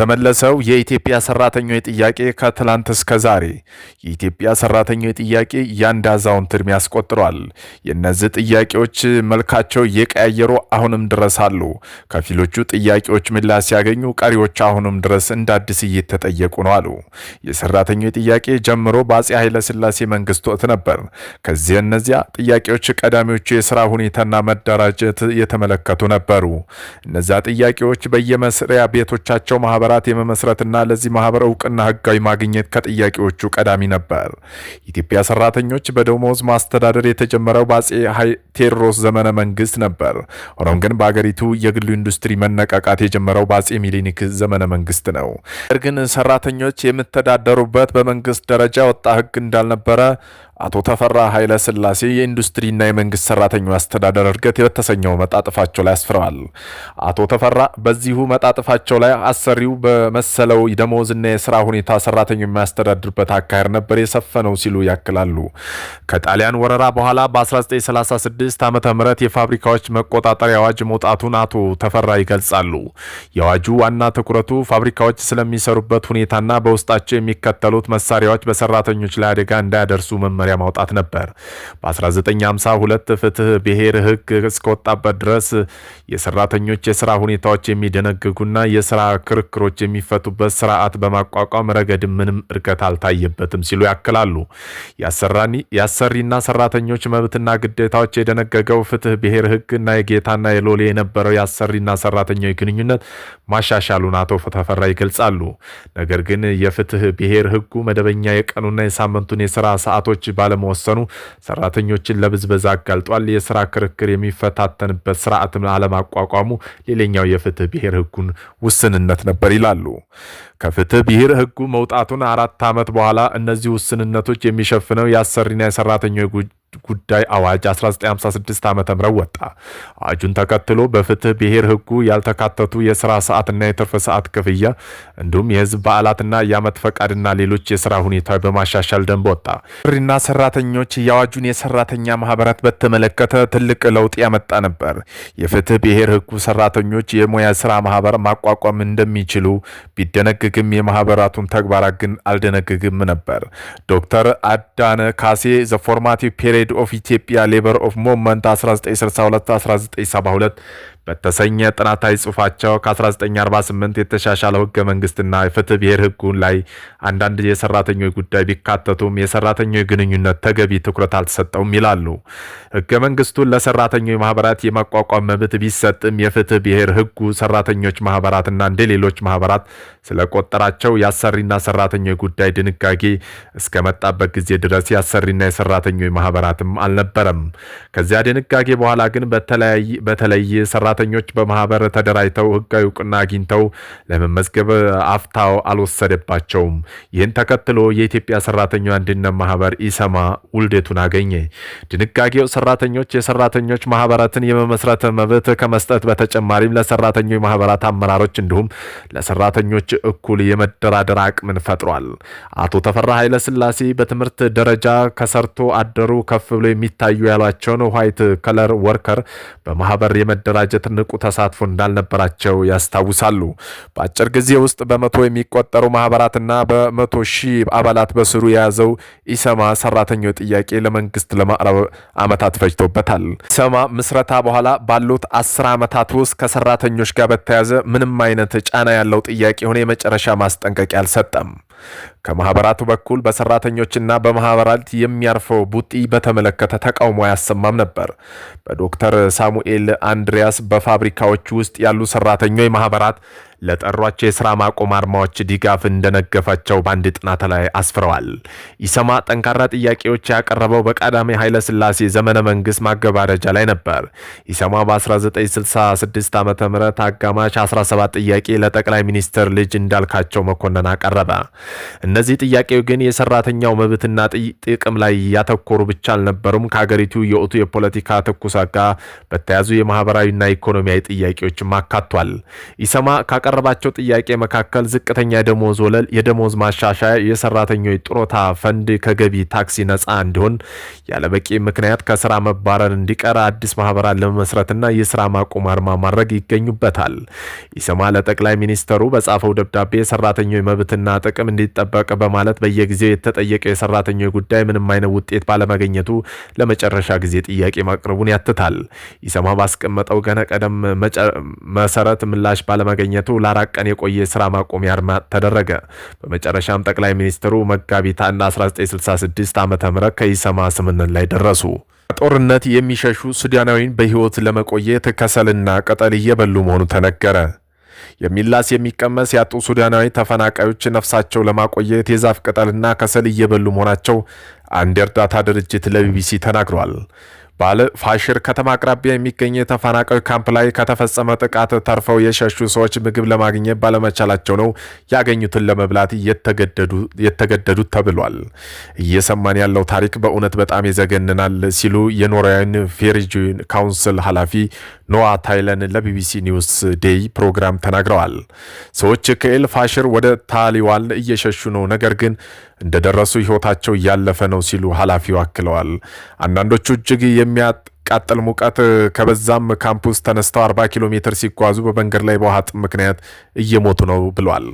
የተመለሰው የኢትዮጵያ ሰራተኞች ጥያቄ ከትላንት እስከ ዛሬ የኢትዮጵያ ሰራተኞች ጥያቄ ያንድ አዛውንት ዕድሜ ያስቆጥሯል። የእነዚህ ጥያቄዎች መልካቸው እየቀያየሩ አሁንም ድረስ አሉ። ከፊሎቹ ጥያቄዎች ምላሽ ሲያገኙ፣ ቀሪዎች አሁንም ድረስ እንደ አዲስ እየተጠየቁ ነው አሉ። የሰራተኞች ጥያቄ ጀምሮ በአፄ ኃይለስላሴ መንግስት ወቅት ነበር። ከዚህ እነዚያ ጥያቄዎች ቀዳሚዎቹ የስራ ሁኔታና መደራጀት የተመለከቱ ነበሩ። እነዚያ ጥያቄዎች በየመስሪያ ቤቶቻቸው ማህበራ ማህበራት የመመስረትና ለዚህ ማህበር እውቅና ህጋዊ ማግኘት ከጥያቄዎቹ ቀዳሚ ነበር። ኢትዮጵያ ሰራተኞች በደሞዝ ማስተዳደር የተጀመረው በአጼ ቴዎድሮስ ዘመነ መንግስት ነበር። ሆኖም ግን በአገሪቱ የግሉ ኢንዱስትሪ መነቃቃት የጀመረው በአጼ ሚሊኒክ ዘመነ መንግስት ነው። ነገር ግን ሰራተኞች የምተዳደሩበት በመንግስት ደረጃ ወጣ ህግ እንዳልነበረ አቶ ተፈራ ኃይለ ስላሴ የኢንዱስትሪና የመንግስት ሰራተኛ አስተዳደር እድገት በተሰኘው መጣጥፋቸው ላይ አስፍረዋል። አቶ ተፈራ በዚሁ መጣጥፋቸው ላይ አሰሪው በመሰለው ደሞዝና የስራ ሁኔታ ሰራተኛ የሚያስተዳድርበት አካሄድ ነበር የሰፈነው ሲሉ ያክላሉ። ከጣሊያን ወረራ በኋላ በ1936 ዓ ም የፋብሪካዎች መቆጣጠሪያ አዋጅ መውጣቱን አቶ ተፈራ ይገልጻሉ። የአዋጁ ዋና ትኩረቱ ፋብሪካዎች ስለሚሰሩበት ሁኔታና በውስጣቸው የሚከተሉት መሳሪያዎች በሰራተኞች ላይ አደጋ እንዳያደርሱ መመሪያ መመሪያ ማውጣት ነበር። በ1952 ፍትህ ብሔር ህግ እስከወጣበት ድረስ የሰራተኞች የስራ ሁኔታዎች የሚደነግጉና የስራ ክርክሮች የሚፈቱበት ስርዓት በማቋቋም ረገድ ምንም እድገት አልታየበትም ሲሉ ያክላሉ። የአሰሪና ሰራተኞች መብትና ግዴታዎች የደነገገው ፍትህ ብሔር ህግ እና የጌታና የሎሌ የነበረው የአሰሪና ሰራተኞች ግንኙነት ማሻሻሉን አቶ ተፈራ ይገልጻሉ። ነገር ግን የፍትህ ብሔር ህጉ መደበኛ የቀኑና የሳምንቱን የስራ ሰዓቶች ባለመወሰኑ ሰራተኞችን ለብዝበዛ አጋልጧል። የስራ ክርክር የሚፈታተንበት ስርዓትም አለማቋቋሙ ሌላኛው የፍትህ ብሔር ህጉን ውስንነት ነበር ይላሉ። ከፍትህ ብሔር ህጉ መውጣቱን አራት ዓመት በኋላ እነዚህ ውስንነቶች የሚሸፍነው የአሰሪና የሰራተኞች ጉዳይ አዋጅ 1956 ዓ ም ወጣ። አዋጁን ተከትሎ በፍትህ ብሔር ህጉ ያልተካተቱ የስራ ሰዓትና የትርፍ ሰዓት ክፍያ እንዲሁም የህዝብ በዓላትና የአመት ፈቃድና ሌሎች የስራ ሁኔታ በማሻሻል ደንብ ወጣ። ሪና ሰራተኞች የአዋጁን የሰራተኛ ማህበራት በተመለከተ ትልቅ ለውጥ ያመጣ ነበር። የፍትህ ብሔር ህጉ ሰራተኞች የሙያ ስራ ማህበር ማቋቋም እንደሚችሉ ቢደነግግም የማህበራቱን ተግባራት ግን አልደነግግም ነበር። ዶክተር አዳነ ካሴ ዘ ፎርማቲቭ ኦፍ ኢትዮጵያ ሌበር ኦፍ ሞመንት 1962-1972 በተሰኘ ጥናታዊ ጽሑፋቸው ከ1948 የተሻሻለው ህገ መንግስትና የፍትህ ብሔር ህጉን ላይ አንዳንድ የሰራተኞች ጉዳይ ቢካተቱም የሰራተኞች ግንኙነት ተገቢ ትኩረት አልተሰጠውም ይላሉ። ህገ መንግስቱን ለሰራተኞች ማህበራት የማቋቋም መብት ቢሰጥም የፍትህ ብሔር ህጉ ሰራተኞች ማህበራትና እንደ ሌሎች ማህበራት ስለቆጠራቸው የአሰሪና ሰራተኞች ጉዳይ ድንጋጌ እስከመጣበት ጊዜ ድረስ የአሰሪና የሰራተኞች ማህበራትም አልነበረም። ከዚያ ድንጋጌ በኋላ ግን በተለይ ሰራተኞች ሰራተኞች በማህበር ተደራጅተው ህጋዊ እውቅና አግኝተው ለመመዝገብ አፍታ አልወሰደባቸውም። ይህን ተከትሎ የኢትዮጵያ ሰራተኛ አንድነት ማህበር ኢሰማ ውልደቱን አገኘ። ድንጋጌው ሰራተኞች የሰራተኞች ማህበራትን የመመስረት መብት ከመስጠት በተጨማሪም ለሰራተኞች ማህበራት አመራሮች እንዲሁም ለሰራተኞች እኩል የመደራደር አቅምን ፈጥሯል። አቶ ተፈራ ኃይለ ስላሴ በትምህርት ደረጃ ከሰርቶ አደሩ ከፍ ብሎ የሚታዩ ያሏቸውን ዋይት ከለር ወርከር በማህበር የመደራጀት ረገድ ንቁ ተሳትፎ እንዳልነበራቸው ያስታውሳሉ። በአጭር ጊዜ ውስጥ በመቶ የሚቆጠሩ ማህበራትና በመቶ ሺህ አባላት በስሩ የያዘው ኢሰማ ሰራተኛው ጥያቄ ለመንግስት ለማቅረብ ዓመታት ፈጅቶበታል። ኢሰማ ምስረታ በኋላ ባሉት አስር ዓመታት ውስጥ ከሰራተኞች ጋር በተያያዘ ምንም አይነት ጫና ያለው ጥያቄ ሆነ የመጨረሻ ማስጠንቀቂያ አልሰጠም። ከማህበራቱ በኩል በሰራተኞችና በማህበራት የሚያርፈው ቡጢ በተመለከተ ተቃውሞ አያሰማም ነበር። በዶክተር ሳሙኤል አንድሪያስ በፋብሪካዎች ውስጥ ያሉ ሰራተኞች ማህበራት ለጠሯቸው የስራ ማቆም አርማዎች ድጋፍ እንደነገፋቸው በአንድ ጥናት ላይ አስፍረዋል። ኢሰማ ጠንካራ ጥያቄዎች ያቀረበው በቀዳማዊ ኃይለሥላሴ ዘመነ መንግስት ማገባደጃ ላይ ነበር። ኢሰማ በ1966 ዓ ም አጋማሽ 17 ጥያቄ ለጠቅላይ ሚኒስትር ልጅ እንዳልካቸው መኮንን አቀረበ። እነዚህ ጥያቄው ግን የሰራተኛው መብትና ጥቅም ላይ ያተኮሩ ብቻ አልነበሩም። ከሀገሪቱ የወቅቱ የፖለቲካ ትኩሳት ጋር በተያዙ የማህበራዊና ኢኮኖሚያዊ ጥያቄዎችም አካቷል። ኢሰማ ከቀረባቸው ጥያቄ መካከል ዝቅተኛ የደሞዝ ወለል፣ የደሞዝ ማሻሻያ፣ የሰራተኞች ጥሮታ ፈንድ ከገቢ ታክሲ ነጻ እንዲሆን፣ ያለበቂ ምክንያት ከስራ መባረር እንዲቀር፣ አዲስ ማህበራት ለመመስረትና የስራ ማቆም አርማ ማድረግ ይገኙበታል። ኢሰማ ለጠቅላይ ሚኒስተሩ በጻፈው ደብዳቤ የሰራተኞች መብትና ጥቅም እንዲጠበቅ በማለት በየጊዜው የተጠየቀው የሰራተኞች ጉዳይ ምንም አይነት ውጤት ባለመገኘቱ ለመጨረሻ ጊዜ ጥያቄ ማቅረቡን ያትታል። ኢሰማ ባስቀመጠው ገነ ቀደም መሰረት ምላሽ ባለመገኘቱ ለአራት ቀን የቆየ ስራ ማቆሚያ አድማ ተደረገ። በመጨረሻም ጠቅላይ ሚኒስትሩ መጋቢት 1966 ዓ ም ከኢሰማ ስምምነት ላይ ደረሱ። ጦርነት የሚሸሹ ሱዳናዊን በህይወት ለመቆየት ከሰልና ቅጠል እየበሉ መሆኑ ተነገረ። የሚላስ የሚቀመስ ያጡ ሱዳናዊ ተፈናቃዮች ነፍሳቸው ለማቆየት የዛፍ ቅጠልና ከሰል እየበሉ መሆናቸው አንድ የእርዳታ ድርጅት ለቢቢሲ ተናግሯል። ባለ ፋሽር ከተማ አቅራቢያ የሚገኝ የተፈናቃዮች ካምፕ ላይ ከተፈጸመ ጥቃት ተርፈው የሸሹ ሰዎች ምግብ ለማግኘት ባለመቻላቸው ነው ያገኙትን ለመብላት የተገደዱት ተብሏል። እየሰማን ያለው ታሪክ በእውነት በጣም ይዘገንናል ሲሉ የኖርዌይን ፌሪጅ ካውንስል ኃላፊ ኖዋ ታይለን ለቢቢሲ ኒውስ ዴይ ፕሮግራም ተናግረዋል። ሰዎች ከኤል ፋሽር ወደ ታሊዋል እየሸሹ ነው ነገር ግን እንደደረሱ ህይወታቸው እያለፈ ነው ሲሉ ኃላፊው አክለዋል። አንዳንዶቹ እጅግ የሚያቃጥል ሙቀት ከበዛም ካምፕ ውስጥ ተነስተው 40 ኪሎ ሜትር ሲጓዙ በመንገድ ላይ በውሃ ጥም ምክንያት እየሞቱ ነው ብሏል።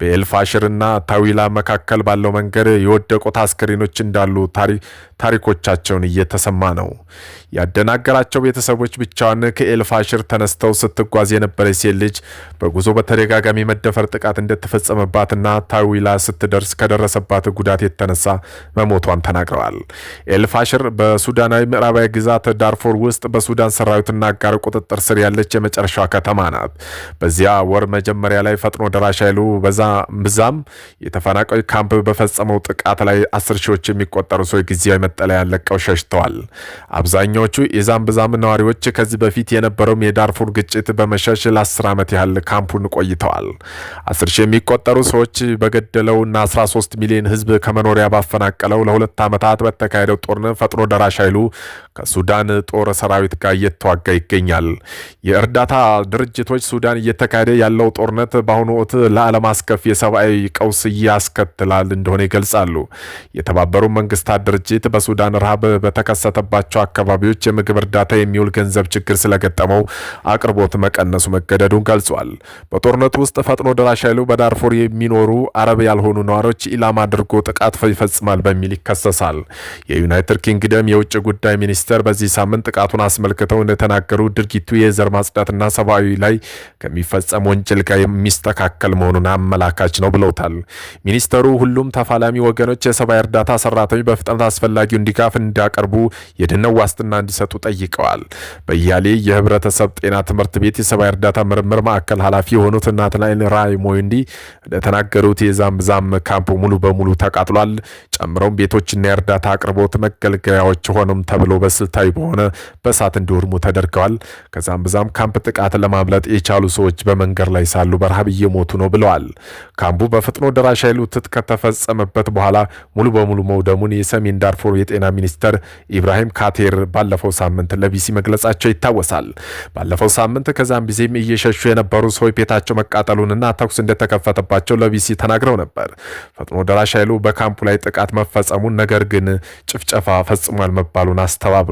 በኤልፋሽርና ታዊላ መካከል ባለው መንገድ የወደቁት አስከሬኖች እንዳሉ ታሪኮቻቸውን እየተሰማ ነው። ያደናገራቸው ቤተሰቦች ብቻዋን ከኤልፋሽር ተነስተው ስትጓዝ የነበረች ሴት ልጅ በጉዞ በተደጋጋሚ መደፈር ጥቃት እንደተፈጸመባትና ታዊላ ስትደርስ ከደረሰባት ጉዳት የተነሳ መሞቷን ተናግረዋል። ኤልፋሽር በሱዳናዊ ምዕራባዊ ግዛት ዳርፎር ውስጥ በሱዳን ሰራዊትና አጋር ቁጥጥር ስር ያለች የመጨረሻ ከተማ ናት። በዚያ ወር መጀመሪያ ላይ ፈጥኖ ደራሽ ኃይሉ በዛ ብዛም የተፈናቃዮች ካምፕ በፈጸመው ጥቃት ላይ አስር ሺዎች የሚቆጠሩ ሰዎች ጊዜያዊ መጠለያ ለቀው ሸሽተዋል። አብዛኛዎቹ የዛምብዛም ነዋሪዎች ከዚህ በፊት የነበረውም የዳርፉር ግጭት በመሸሽ ለአስር ዓመት ያህል ካምፑን ቆይተዋል። አስር ሺህ የሚቆጠሩ ሰዎች በገደለውና 13 ሚሊዮን ሕዝብ ከመኖሪያ ባፈናቀለው ለሁለት ዓመታት በተካሄደው ጦርነት ፈጥኖ ደራሽ ኃይሉ ከሱዳን ጦር ሰራዊት ጋር እየተዋጋ ይገኛል። የእርዳታ ድርጅቶች ሱዳን እየተካሄደ ያለው ጦርነት በአሁኑ ወቅት ለዓለም አስከፊ አቀፍ የሰብአዊ ቀውስ ያስከትላል እንደሆነ ይገልጻሉ። የተባበሩ መንግስታት ድርጅት በሱዳን ረሃብ በተከሰተባቸው አካባቢዎች የምግብ እርዳታ የሚውል ገንዘብ ችግር ስለገጠመው አቅርቦት መቀነሱ መገደዱን ገልጿል። በጦርነቱ ውስጥ ፈጥኖ ደራሽ ኃይሉ በዳርፎር የሚኖሩ አረብ ያልሆኑ ነዋሪዎች ኢላማ አድርጎ ጥቃት ይፈጽማል በሚል ይከሰሳል። የዩናይትድ ኪንግደም የውጭ ጉዳይ ሚኒስተር በዚህ ሳምንት ጥቃቱን አስመልክተው እንደተናገሩ ድርጊቱ የዘር ማጽዳትና ሰብአዊ ላይ ከሚፈጸም ወንጀል ጋር የሚስተካከል መሆኑን አመላ አመላካች ነው ብለውታል። ሚኒስተሩ ሁሉም ተፋላሚ ወገኖች የሰብአዊ እርዳታ ሰራተኞች በፍጥነት አስፈላጊውን ድጋፍ እንዲያቀርቡ የድነው ዋስትና እንዲሰጡ ጠይቀዋል። በያሌ የህብረተሰብ ጤና ትምህርት ቤት የሰብአዊ እርዳታ ምርምር ማዕከል ኃላፊ የሆኑት ናትናኤል ሞይንዲ እንደተናገሩት የዛምዛም ካምፕ ሙሉ በሙሉ ተቃጥሏል። ጨምረውም ቤቶችና የእርዳታ አቅርቦት መገልገያዎች ሆኖም ተብሎ በስልታዊ በሆነ በእሳት እንዲወድሙ ተደርገዋል። ከዛምዛም ካምፕ ጥቃት ለማምለጥ የቻሉ ሰዎች በመንገድ ላይ ሳሉ በረሃብ እየሞቱ ነው ብለዋል። ካምቡ በፍጥኖ ደራሽ ኃይሉ ትጥቅ ከተፈጸመበት በኋላ ሙሉ በሙሉ መውደሙን የሰሜን ዳርፎር የጤና ሚኒስተር ኢብራሂም ካቴር ባለፈው ሳምንት ለቢሲ መግለጻቸው ይታወሳል። ባለፈው ሳምንት ጊዜም እየሸሹ የነበሩ ሰዎች ቤታቸው መቃጠሉንና ተኩስ እንደተከፈተባቸው ለቢሲ ተናግረው ነበር። ፈጥኖ ደራሽ ኃይሉ በካምፑ ላይ ጥቃት መፈጸሙን ነገር ግን ጭፍጨፋ ፈጽሟል መባሉን አስተባብሏል።